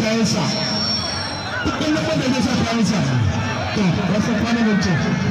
kayansa duk wani wanda zai sa kayansa to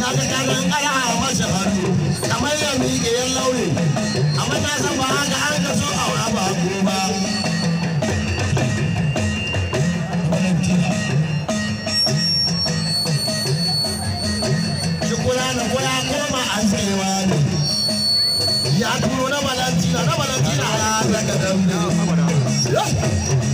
ta ta gano in ana a masa hannu kamar ya ke yan launi a matasan ba haka an ka so a wa ba ba shi na da kula koma a tsayewa ne ya turo na valentina na valentina ya daga dambe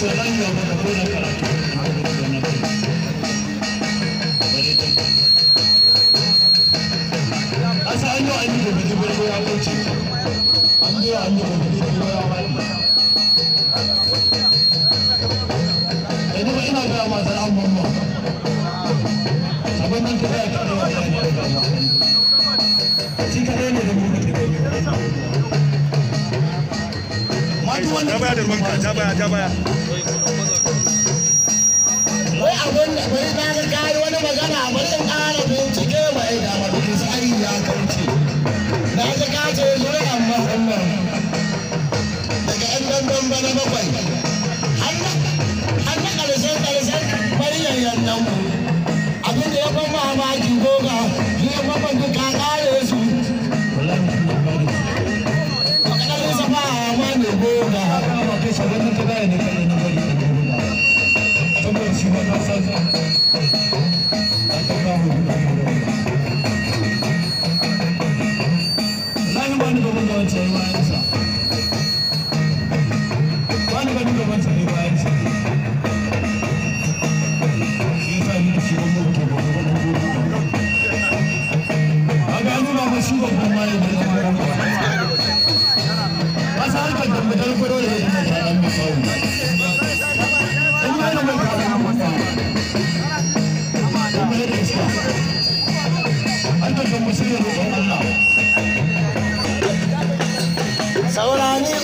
shugaban gaba an an yi da ta abin da bari ta ga kayi wani magana bari in ƙara bincike mai da mafi sai ya kauce na ga kace zuwa amma wannan, daga yan dandan bana bakwai har na ƙarshen ƙarshen bari yayyan nan abin da ya ban mamaki goga Albarkan musulun roƙon Allah.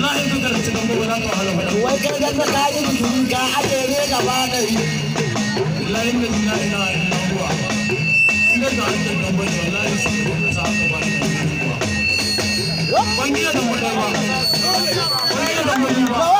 wallahi ka garci dan gobe za ka wahala fada wai ka ga ka kaji ka ake ne da dari wallahi ka jina ina ina ruwa ina da an da gobe wallahi su ba ni ruwa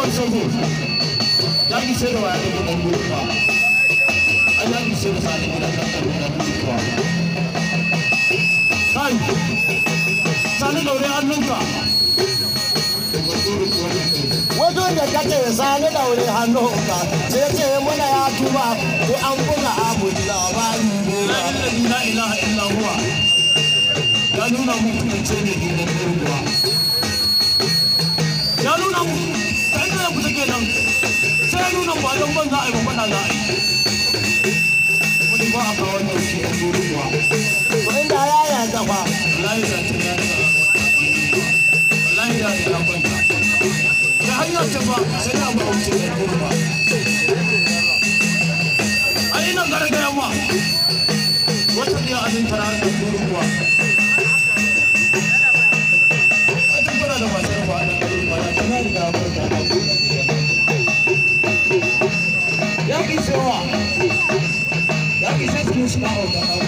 much support. Like you I sani da kake sani daure hannunka, ce ce muna ya tuba, ko an buga abun labarin La ilaha illa huwa. Ya nuna mu ce ne Ya nuna mu 我不管，我不管，我不管。खुशका होता है